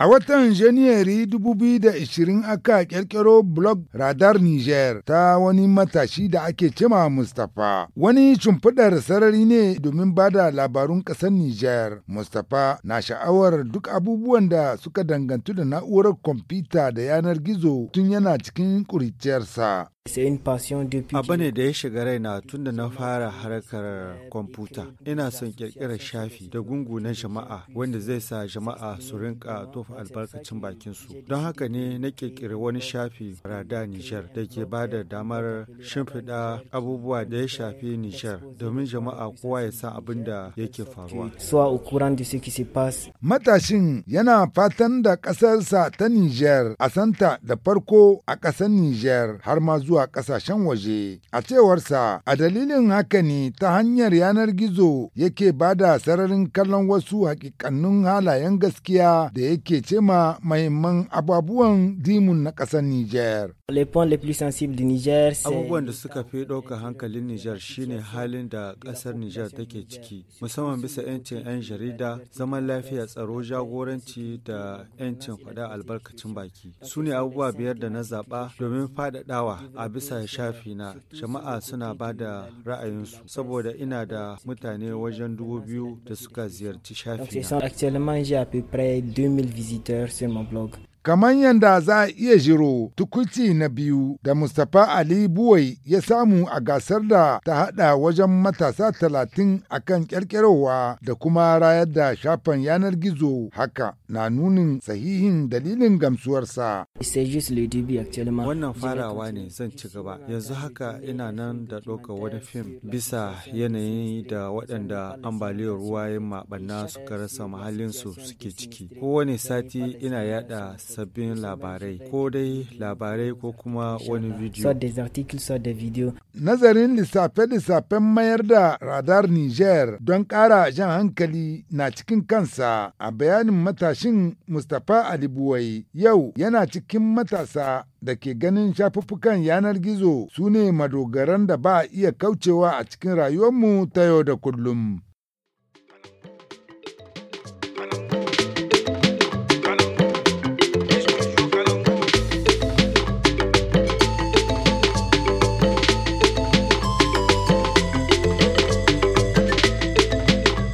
A watan Janairu 2020 aka ƙirƙiro blog Radar Niger ta wani matashi da ake cema Mustapha. Wani cumfidar sarari ne domin bada labarun ƙasar Niger. Mustapha na sha'awar duk abubuwan da suka dangantu da na'urar kwamfuta da yanar gizo tun yana cikin ƙuriciyarsa. a bane da ya shiga raina tun da na fara harkar kwamfuta. Ina son kirkirar shafi da gungu jama'a wanda zai sa jama'a su rinka tofa albarkacin su Don haka ne na kirkiri wani shafi Rada Nijar da ke ba da damar shimfiɗa abubuwa da ya shafi Nijar domin jama'a kowa ya san abin da yake faruwa. Matashin yana fatan da ƙasarsa ta Nijar a santa da farko a ƙasar Nijar har ma zuwa zuwa ƙasashen waje. A cewarsa, a dalilin haka ne ta hanyar yanar gizo yake ba da sararin kallon wasu hakikannun halayen gaskiya da yake cema mahimman abubuwan dimun na ƙasar Nijar. Abubuwan da suka fi ɗauka hankalin Nijar shine halin da ƙasar Nijar take ciki, musamman bisa 'yancin 'yan jarida, zaman lafiya tsaro jagoranci da 'yancin faɗa albarkacin baki. Su ne abubuwa biyar da na zaɓa domin faɗaɗawa a bisa shafi na jama'a suna ba da ra'ayinsu saboda ina da mutane wajen dubu biyu da suka ziyarci shafi na. kamar yadda za a iya jiro tukuci na biyu da Mustapha Ali Buwai ya samu a gasar da ta hada wajen matasa talatin a kan kyarkyarwa da kuma rayar da shafan yanar gizo haka na nunin sahihin dalilin gamsuwarsa. Wannan farawa ne zan ci gaba yanzu haka ina nan da ɗaukar wani fim bisa yanayi da waɗanda ambaliyar ruwa ya maɓanna suka rasa mahallinsu suke ciki. Kowane sati ina yada sabbin labarai ko dai labarai ko kuma wani bidiyo. Nazarin lissafe-lissafen mayar da radar Niger don kara jan hankali na cikin kansa a bayanin matashin Mustapha buwai yau yana cikin matasa da ke ganin shafuffukan yanar gizo su ne madogaran da ba iya kaucewa a cikin rayuwarmu ta yau da kullum.